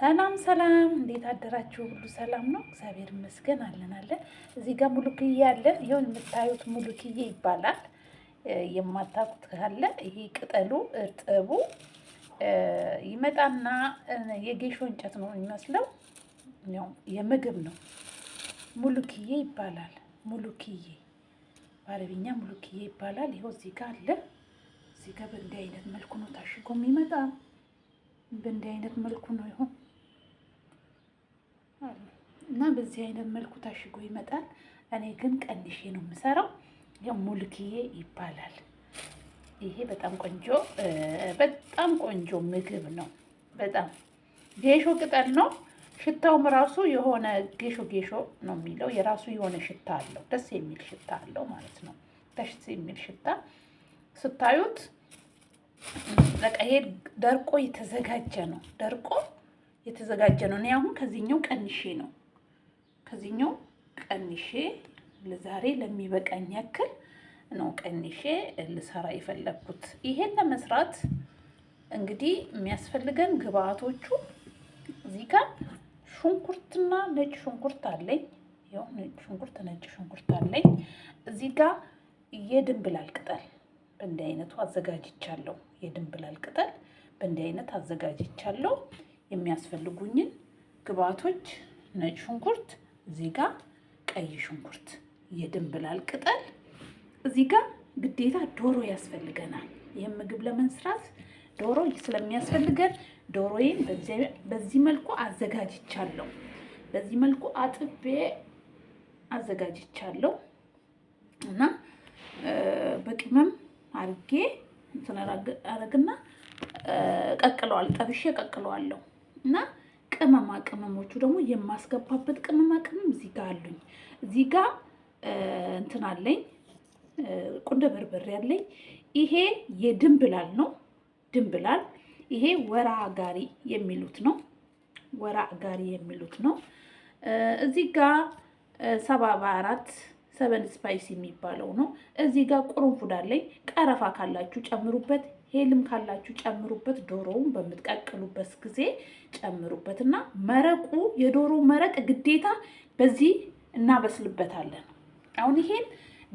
ሰላም ሰላም፣ እንዴት አደራችሁ? ሁሉ ሰላም ነው? እግዚአብሔር ይመስገን አለን አለን። እዚህ ጋር ሙሉክዬ አለን። ይሁን የምታዩት ሙሉክዬ ይባላል። የማታውቁት ካለ ይሄ ቅጠሉ እርጥቡ ይመጣና የጌሾ እንጨት ነው የሚመስለው፣ የምግብ ነው። ሙሉክዬ ይባላል። ሙሉክዬ በአረብኛ ሙሉክዬ ይባላል። ይኸው እዚህ ጋር አለ። እዚህ ጋር በእንዲህ አይነት መልኩ ነው ታሽጎ የሚመጣ። በእንዲህ አይነት መልኩ ነው ይሁን እና በዚህ አይነት መልኩ ታሽጎ ይመጣል። እኔ ግን ቀንሼ ነው የምሰራው። ያው ሙልክዬ ይባላል። ይሄ በጣም ቆንጆ በጣም ቆንጆ ምግብ ነው። በጣም ጌሾ ቅጠል ነው። ሽታውም ራሱ የሆነ ጌሾ ጌሾ ነው የሚለው የራሱ የሆነ ሽታ አለው። ደስ የሚል ሽታ አለው ማለት ነው። ደስ የሚል ሽታ ስታዩት በቃ ይሄ ደርቆ የተዘጋጀ ነው። ደርቆ የተዘጋጀ ነው። እኔ አሁን ከዚህኛው ቀንሼ ነው ከዚህኛው ቀንሼ ለዛሬ ለሚበቃኝ ያክል ነው ቀንሼ ልሰራ የፈለግኩት። ይሄን ለመስራት እንግዲህ የሚያስፈልገን ግብአቶቹ እዚህ ጋር ሽንኩርትና ነጭ ሽንኩርት አለኝ። ያው ነጭ ሽንኩርት ነጭ ሽንኩርት አለኝ። እዚህ ጋር የድንብላል ቅጠል በእንዲህ አይነቱ አዘጋጅቻለሁ። የድንብላል ቅጠል በእንዲህ አይነት አዘጋጅቻለሁ። የሚያስፈልጉኝን ግብአቶች ነጭ ሽንኩርት እዚህ ቀይ ሽንኩርት፣ የድንብላል ቅጠል እዚህ ጋ ግዴታ ዶሮ ያስፈልገናል። ይህም ምግብ ለመስራት ዶሮ ስለሚያስፈልገን ዶሮዬን በዚህ መልኩ አዘጋጅቻለሁ። በዚህ መልኩ አጥቤ አዘጋጅቻለሁ እና በቅመም አርጌ አረግና ቀቅለዋል። ጠብሼ ቀቅለዋለሁ እና ቅመማ ቅመሞቹ ደግሞ የማስገባበት ቅመማ ቅመም እዚህ ጋር አሉኝ። እዚህ ጋር እንትን አለኝ፣ ቁንደ በርበሬ አለኝ። ይሄ የድንብላል ነው። ድንብላል ይሄ ወራ ጋሪ የሚሉት ነው። ወራ ጋሪ የሚሉት ነው። እዚህ ጋር ሰባ አራት ሰበን ስፓይስ የሚባለው ነው። እዚህ ጋር ቁርንፉድ አለኝ። ቀረፋ ካላችሁ ጨምሩበት፣ ሄልም ካላችሁ ጨምሩበት። ዶሮውን በምትቀቅሉበት ጊዜ ጨምሩበት እና መረቁ የዶሮ መረቅ ግዴታ በዚህ እናበስልበታለን። አሁን ይሄን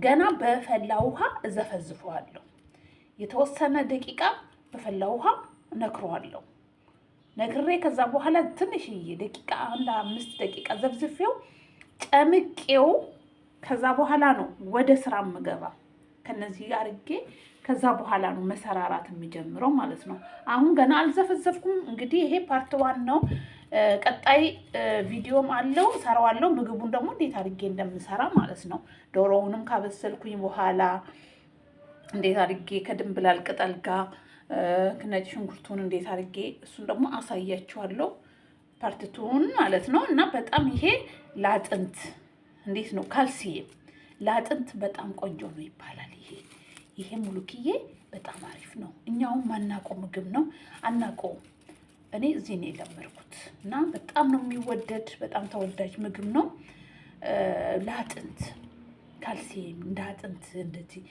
ገና በፈላ ውሃ እዘፈዝፈዋለሁ። የተወሰነ ደቂቃ በፈላ ውሃ ነክረዋለሁ። ነክሬ ከዛ በኋላ ትንሽዬ ደቂቃ አንድ አምስት ደቂቃ ዘፍዝፌው ጨምቄው ከዛ በኋላ ነው ወደ ስራ ምገባ ከነዚህ አርጌ ከዛ በኋላ ነው መሰራራት የሚጀምረው ማለት ነው። አሁን ገና አልዘፈዘፍኩም። እንግዲህ ይሄ ፓርት ዋን ነው። ቀጣይ ቪዲዮም አለው ሰራዋለው። ምግቡን ደግሞ እንዴት አድርጌ እንደምሰራ ማለት ነው። ዶሮውንም ካበሰልኩኝ በኋላ እንዴት አድርጌ ከድንብላል ቅጠል ጋር ነጭ ሽንኩርቱን እንዴት አድርጌ እሱን ደግሞ አሳያችኋለሁ ፓርትቱን ማለት ነው። እና በጣም ይሄ ላጥንት እንዴት ነው ካልሲየም ለአጥንት በጣም ቆንጆ ነው ይባላል። ይሄ ይሄ ሙሉክዬ በጣም አሪፍ ነው። እኛውም ማናቆ ምግብ ነው አናቆ እኔ እዚህ ነው የለመድኩት እና በጣም ነው የሚወደድ። በጣም ተወዳጅ ምግብ ነው ለአጥንት ካልሲየም እንደ አጥንት እንደዚህ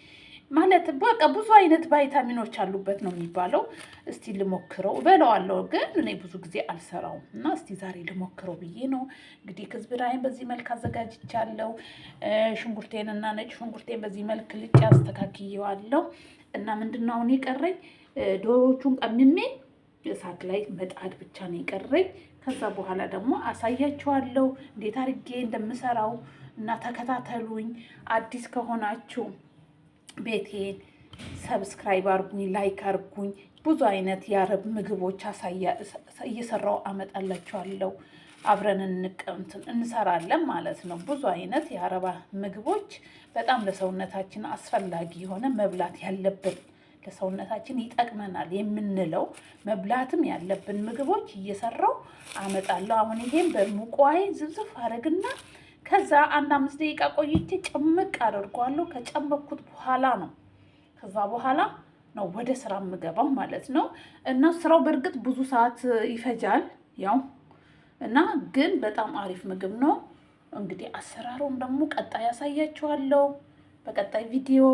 ማለት በቃ ብዙ አይነት ቫይታሚኖች አሉበት ነው የሚባለው። እስቲ ልሞክረው በለዋለሁ፣ ግን እኔ ብዙ ጊዜ አልሰራውም እና እስቲ ዛሬ ልሞክረው ብዬ ነው እንግዲህ ክዝብራይን በዚህ መልክ አዘጋጅቻለሁ። ሽንኩርቴን እና ነጭ ሽንኩርቴን በዚህ መልክ ልጭ አስተካክየዋለሁ። እና ምንድን አሁን የቀረኝ ዶሮቹን ቀምሜ እሳት ላይ መጣድ ብቻ ነው የቀረኝ። ከዛ በኋላ ደግሞ አሳያችኋለሁ እንዴት አድርጌ እንደምሰራው እና ተከታተሉኝ። አዲስ ከሆናችሁ ቤቴን ሰብስክራይብ አርጉኝ፣ ላይክ አርጉኝ። ብዙ አይነት የአረብ ምግቦች እየሰራው አመጣላችኋለሁ። አብረን እንቀምትን እንሰራለን ማለት ነው። ብዙ አይነት የአረባ ምግቦች በጣም ለሰውነታችን አስፈላጊ የሆነ መብላት ያለብን ለሰውነታችን ይጠቅመናል የምንለው መብላትም ያለብን ምግቦች እየሰራው አመጣለሁ። አሁን ይሄን በሙቋይ ዝብዝፍ አረግና ከዛ አንድ አምስት ደቂቃ ቆይቼ ጨምቅ አደርገዋለሁ። ከጨመኩት በኋላ ነው ከዛ በኋላ ነው ወደ ስራ የምገባው ማለት ነው። እና ስራው በእርግጥ ብዙ ሰዓት ይፈጃል ያው እና ግን በጣም አሪፍ ምግብ ነው። እንግዲህ አሰራሩም ደግሞ ቀጣይ ያሳያችኋለሁ በቀጣይ ቪዲዮ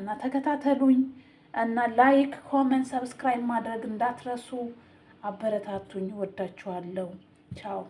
እና ተከታተሉኝ እና ላይክ፣ ኮመንት፣ ሰብስክራይብ ማድረግ እንዳትረሱ። አበረታቱኝ። ወዳችኋለሁ። ቻው